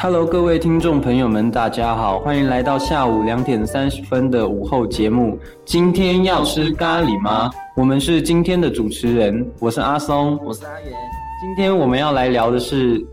哈嘍，各位聽眾朋友們，大家好，歡迎來到下午兩點三十分的午後節目。今天要吃咖喱嗎？我們是今天的主持人，我是阿松，我是阿元。今天我們要來聊的是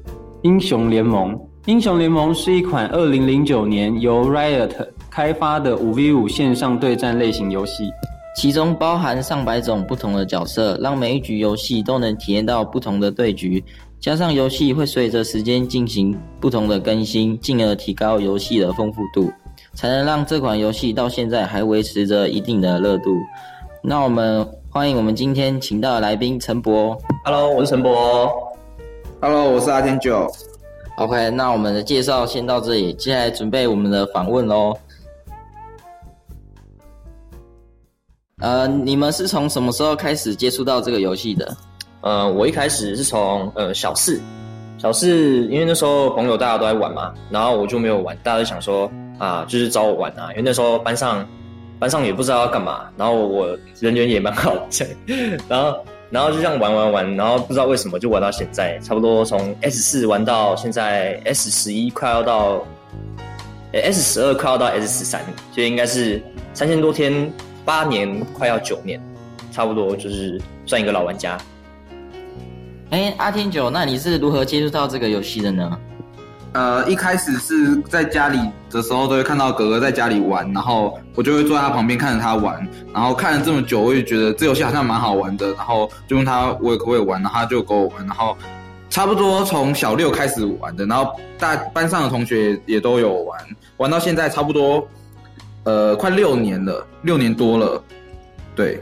英雄聯盟《英雄聯盟》。《英雄聯盟》是一款二零零九年由 Riot 開發的五 v 五線上對戰類型遊戲。其中包含上百種不同的角色，讓每一局遊戲都能體驗到不同的對局。加上遊戲會隨着時間進行不同的更新，進而提高遊戲的豐富度，才能讓這款遊戲到現在還維持着一定的熱度。那我們歡迎我們今天請到的來賓陳柏。Hello，我是陳柏。Hello，我是阿天九。OK，那我們的介紹先到這裡，接下來準備我們的訪問囉。呃，你們是從什麼時候開始接觸到這個遊戲的？呃，我一開始是從呃小四，小四，因為那時候朋友大家都在玩嘛，然後我就沒有玩，大家都想說啊，就是找我玩啊，因為那時候班上，班上也不知道要幹嘛，然後我人緣也蠻好， 然後然後就這樣玩玩玩，然後不知道為什麼就玩到現在，差不多從 S 四玩到現在 S 十一，快要到 S 十二，欸 S 十二，快要到 S 十三，所以應該是三千多天。八年快要九年，差不多就是算一個老玩家。哎，阿天九，那你是如何接觸到這個遊戲的呢？呃，一開始是在家裡的時候都會看到哥哥在家裡玩，然後我就會坐在他旁邊看着他玩，然後看了這麼久，我也覺得這遊戲好像蠻好玩的，然後就問他我也可不可以玩，然後他就跟我玩，然後差不多從小六開始玩的，然後大班上的同學也，也都有玩，玩到現在差不多。呃，快六年了，六年多了，對，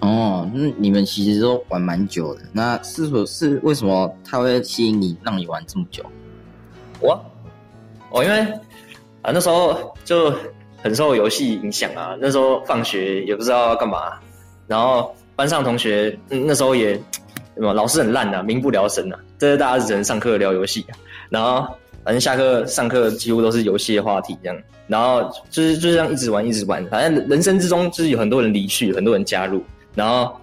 哦，那你們其實都玩蠻久的。那是不是為什麼他會吸引你，讓你玩這麼久？我，我、哦、因為啊那時候就很受遊戲影響啊。那時候放學也不知道幹嘛，然後班上同學、嗯、那時候也，什麼老師很爛啊，民不聊生啊，這是大家只能上課聊遊戲、啊，然後。反正下課、上課幾乎都是遊戲的話題，這樣。然後就是就這樣一直玩，一直玩。反正人生之中就是有很多人離去，很多人加入，然後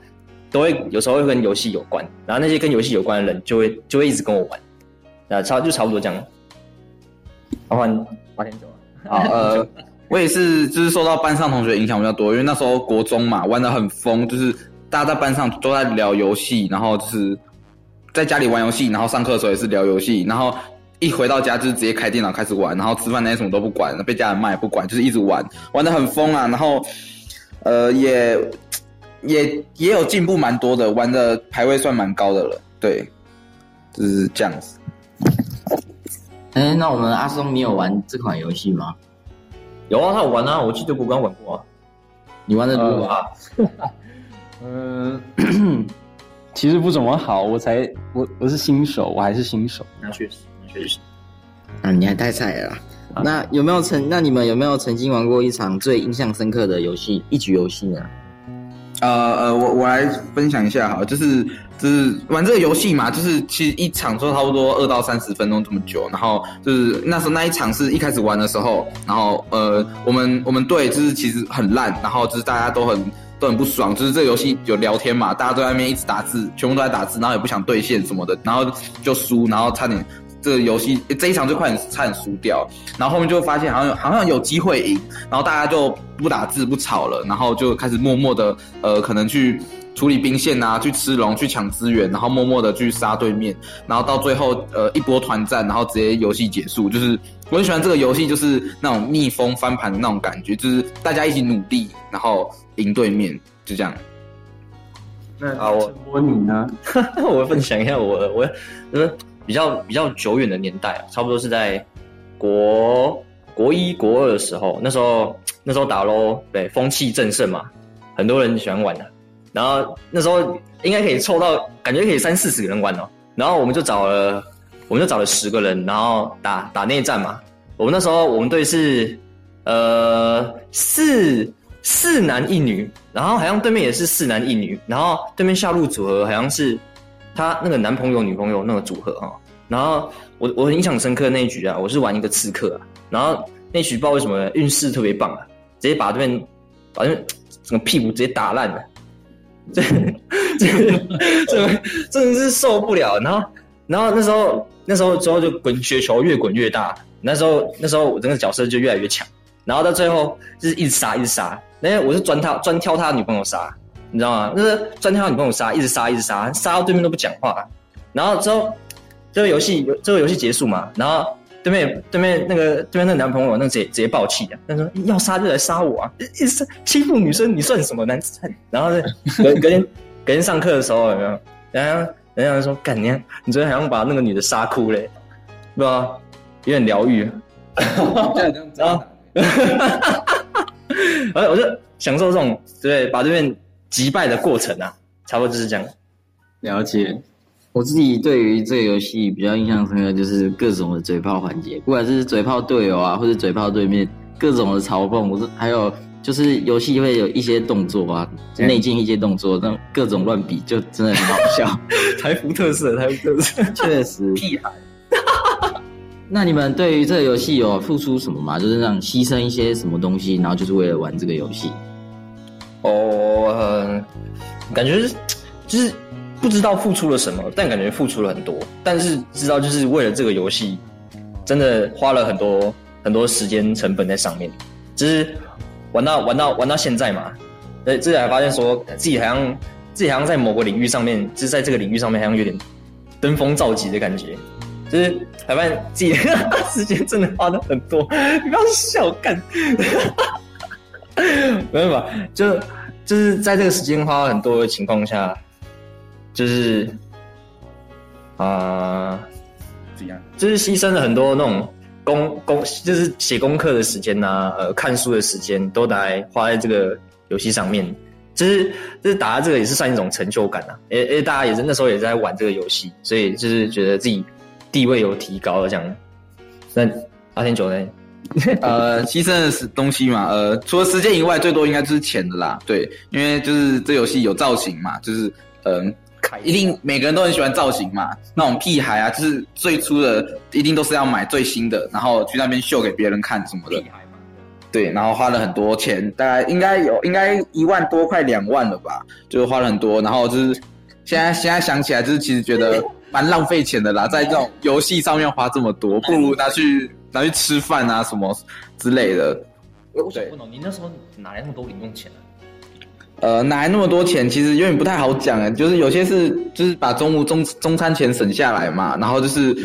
都會有時候會跟遊戲有關。然後那些跟遊戲有關的人，就會就會一直跟我玩。啊，差就差不多這樣。啊，換阿天九了啊？ 呃，我也是，就是受到班上同學影響比較多，因為那時候國中嘛，玩得很瘋，就是大家在班上都在聊遊戲，然後就是在家裡玩遊戲，然後上課的時候也是聊遊戲，然後。一回到家就是直接開電腦開始玩，然後吃飯那些什麼都不管，被家人罵也不管，就是一直玩，玩的很瘋啊。然後，呃，也，也也有進步蠻多的，玩的排位算蠻高的了。對，就是這樣子。哎、欸，那我們阿松你有玩這款遊戲嗎？有啊，我玩啊，我記得不光玩過、啊，你玩的如何啊？嗯、呃 呃， 其實不怎麼好，我才我我是新手，我還是新手，那確實。啊，你還太菜了、啊。那有沒有曾？那你們有沒有曾經玩過一場最印象深刻的遊戲？一局遊戲呢？呃呃，我我來分享一下哈，就是就是玩這個遊戲嘛，就是其實一場說差不多二到三十分鐘這麼久，然後就是那時候那一場是一開始玩的時候，然後呃，我們我們隊就是其實很爛，然後就是大家都很都很不爽，就是這遊戲有聊天嘛，大家都在外面一直打字，全部都在打字，然後也不想兌現什麼的，然後就輸，然後差點。這個遊戲、欸、這一場就快很差很輸掉，然後後面就發現好像好像有機會贏，然後大家就不打字不吵了，然後就開始默默的呃可能去處理兵線啊，去吃龍去搶資源，然後默默的去殺對面，然後到最後呃一波團戰，然後直接遊戲結束。就是我很喜歡這個遊戲，就是那種逆風翻盤的那種感覺，就是大家一起努力然後贏對面，就這樣。那啊我問你呢？我、啊、 我分享一下我我、嗯比較比較久遠的年代，差不多是在國國一國二的時候，那時候那時候打咯，對，風氣正盛嘛，很多人喜歡玩的。然後那時候應該可以湊到，感覺可以三四十個人玩哦。然後我們就找了，我們就找了十個人，然後打打內戰嘛。我們那時候我們隊是呃四四男一女，然後好像對面也是四男一女，然後對面下路組合好像是。他那個男朋友女朋友那個組合哦，然後我我很印象深刻的那一局啊，我是玩一個刺客啊，然後那局不知道為什麼運勢特別棒啊，直接把對面把對面整個屁股直接打爛了，這這這真的是受不了。然後然後那時候那時候之後就滾雪球越滾越大，那時候那時候我整個角色就越來越強，然後到最後就是一直殺一直殺，那我是專他專挑他女朋友殺。你知道嗎？就是專挑女朋友殺，一直殺，一直殺，殺到對面都不講話、啊。然後之後，這個遊戲，這個遊戲結束嘛？然後對面，對面那個，對面那個男朋友，那個、直接直接爆氣了、啊。他說：“欸、要殺就來殺我啊！一直欺負女生，你算什麼男子漢？”然後隔隔天，隔天上課的時候，人家人家說：“幹娘，你昨天好像把那個女的殺哭嘞、欸，是吧？有點療癒、啊。 ”然後， 然後我就享受這種，對，把對面。擊敗的過程啊，差不多就是這樣。了解，我自己對於這個遊戲比較印象深刻，就是各種的嘴炮環節，不管是嘴炮隊友啊，或者嘴炮對面，各種的嘲諷，我是，還有就是遊戲會有一些動作啊，內、嗯、鏡一些動作，但各種亂比就真的很好笑。 台服特色，台服特色，確實屁孩。 那你們對於這個遊戲有付出什麼嗎？就是讓犧牲一些什麼東西，然後就是為了玩這個遊戲。哦、呃，感覺、就是、就是不知道付出了什麼，但感覺付出了很多。但是知道就是為了這個遊戲，真的花了很多很多時間成本在上面。就是玩到玩到玩到現在嘛，哎，自己才發現說自己好像自己好像在某個領域上面，就是在這個領域上面好像有點登峰造極的感覺。就是才發現自己的時間真的花了很多，你不要笑我，我幹。沒有吧？就就是在這個時間花很多的情況下，就是啊、呃，怎樣？就是犧牲了很多那種功功，就是寫功課的時間啊，呃，看書的時間，都來花在這個遊戲上面。就是就是打這個也是算一種成就感啊，而而且大家也是那時候也在玩這個遊戲，所以就是覺得自己地位有提高了，這樣。那阿、啊、天九呢？呃 呃，犧牲的是東西嘛？呃，除了時間以外，最多應該就是錢的啦。對，因為就是這遊戲有造型嘛，就是嗯、呃、一定每個人都很喜歡造型嘛。那種屁孩啊，就是最初的一定都是要買最新的，然後去那邊秀給別人看什麼的對。對，然後花了很多錢，大概應該有應該一萬多，快兩萬了吧，就是花了很多。然後就是現在現在想起來，就是其實覺得蠻浪費錢的啦，在這種遊戲上面花這麼多，不如拿去。然後去吃飯啊，什麼之類的。我我想問你那時候哪來那麼多零用錢啊？呃，哪來那麼多錢？其實有點不太好講啊、欸。就是有些是，就是把中午中中餐錢省下來嘛，然後就是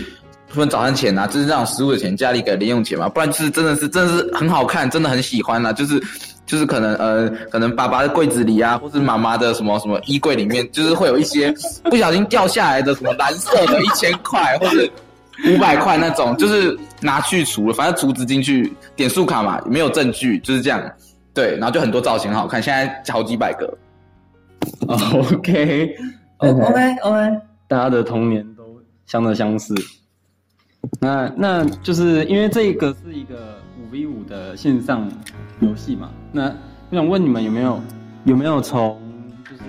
分早餐錢啊，就是讓食物的錢，家裡給零用錢嘛。不然就是真的是真的是很好看，真的很喜歡啊。就是就是可能呃，可能爸爸的櫃子裡啊，或是媽媽的什麼什麼衣櫃裡面，就是會有一些不小心掉下來的什麼藍色的一千塊， 或者。五百塊那種，oh、就是拿去除了，反正儲值進去點數卡嘛，也沒有證據，就是這樣。對，然後就很多造型好看，現在好幾百個。OK，OK，OK，、okay. okay. okay, okay. 大家的童年都相得相似。那那就是因為這一個是一個五 v 五的線上遊戲嘛。那我想問你們有沒有有沒有從就是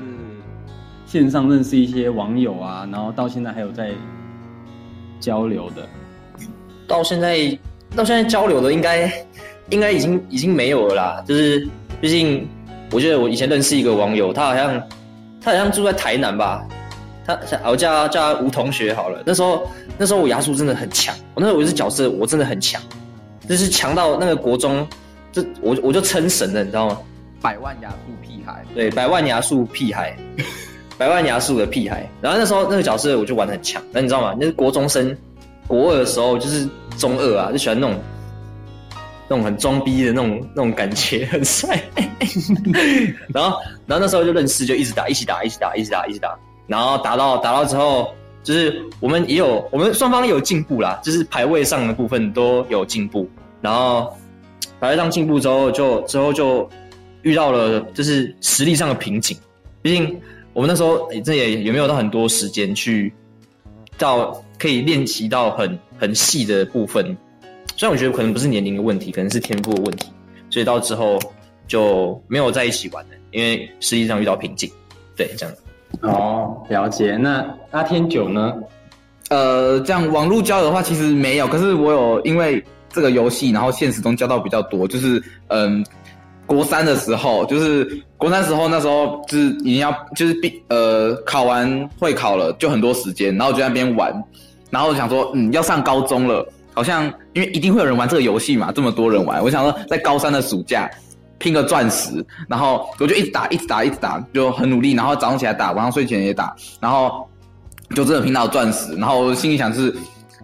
線上認識一些網友啊，然後到現在還有在。交流的，到現在到現在交流的應該應該已經已經沒有了啦。就是畢竟，我覺得我以前認識一個網友，他好像他好像住在台南吧。他我叫叫吳同學好了。那時候那時候我亞索真的很強，我那時候我是角色，我真的很強，就是強到那個國中，就我我就稱神了，你知道嗎？百萬亞索屁孩，對，百萬亞索屁孩。 百萬亞索的屁孩，然後那時候那個角色我就玩的很強，那你知道嗎？那是國中生，國二的時候就是中二啊，就喜歡那種，那種很裝逼的那種那種感覺，很帥。 然後然後那時候就認識，就一直打，一起打，一起打，一起打，一起打，然後打到打到之後，就是我們也有我們雙方也有進步啦，就是排位上的部分都有進步。然後排位上進步之後就，就之後就遇到了就是實力上的瓶頸，畢竟。我們那時候這也，也有沒有到很多時間去到可以練習到很很細的部分，雖然我覺得可能不是年齡的問題，可能是天賦的問題，所以到之後就沒有在一起玩了，因為實際上遇到瓶頸。對，這樣子。哦，了解。那阿天九呢？呃，這樣網絡交友的話，其實沒有，可是我有因為這個遊戲，然後現實中交到比較多，就是嗯。國三的時候，就是國三時候，那時候就是已經要就是畢呃考完會考了，就很多時間，然後就在那邊玩，然後我想說嗯要上高中了，好像因為一定會有人玩這個遊戲嘛，這麼多人玩，我想說在高三的暑假拼個鑽石，然後我就一直打，一直打，一直打，就很努力，然後早上起來打，晚上睡前也打，然後就真的拼到鑽石，然後心裡想是。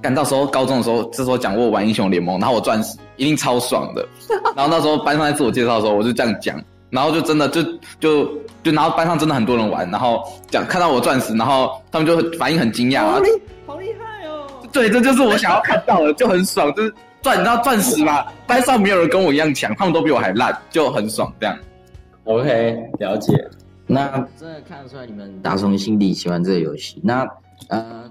趕到時候高中的時候，這時候講過我玩英雄聯盟，然後我鑽石一定超爽的。然後那時候班上在自我介紹的時候，我就這樣講，然後就真的就就就,就，然後班上真的很多人玩，然後講看到我鑽石，然後他們就很反應很驚訝，啊。好厲害哦！對，這就是我想要看到的，就很爽，就是鑽，你知道鑽石嘛？班上沒有人跟我一樣強，他們都比我還爛，就很爽。這樣，OK，了解。那真的看得出來你們打從心底喜歡這個遊戲。那嗯。呃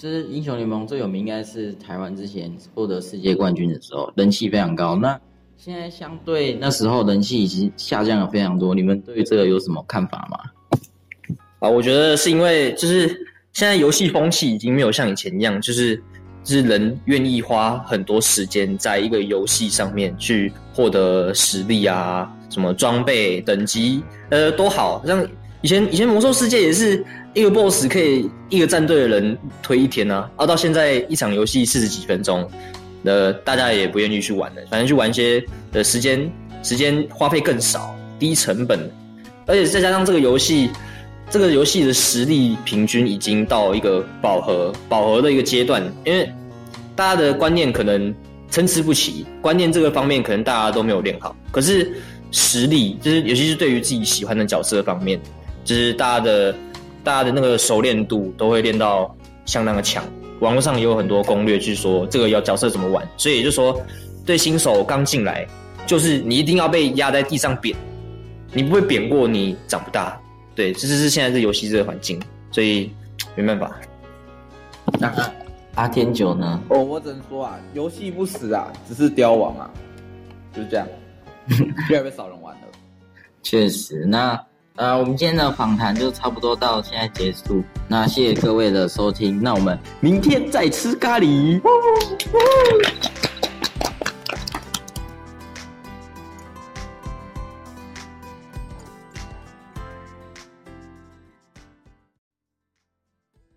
就是英雄聯盟最有名，應該是台灣之前獲得世界冠軍的時候，人氣非常高。那現在相對那時候人氣已經下降了非常多。你們對這個有什麼看法嗎？啊，我覺得是因為就是現在遊戲風氣已經沒有像以前一樣，就是就是人願意花很多時間在一個遊戲上面去獲得實力啊，什麼裝備等級，呃，都好，像以前以前魔獸世界也是。一個 BOSS 可以一個戰隊的人推一天啊，而、啊、到現在一場遊戲四十幾分鐘，呃，大家也不願意去玩了。反正去玩一些的、呃、時間，時間花費更少，低成本，而且再加上這個遊戲，這個遊戲的實力平均已經到一個飽和飽和的一個階段。因為大家的觀念可能參差不齊，觀念這個方面可能大家都沒有練好。可是實力，就是尤其是對於自己喜歡的角色方面，就是大家的。大家的那個熟練度都會練到相當的強，網絡上也有很多攻略，去說這個要角色怎麼玩，所以也就是說對新手剛進來，就是你一定要被壓在地上扁，你不會扁過你長不大，對，這是現在這遊戲這個環境，所以沒辦法。那、啊、阿天九呢？哦，我只能說啊，遊戲不死啊，只是凋亡啊，就是這樣，越來越少人玩了，確 實呢。啊，我們今天的訪談就差不多到現在結束。那謝謝各位的收聽，那我們明天再吃咖喱。哦哦。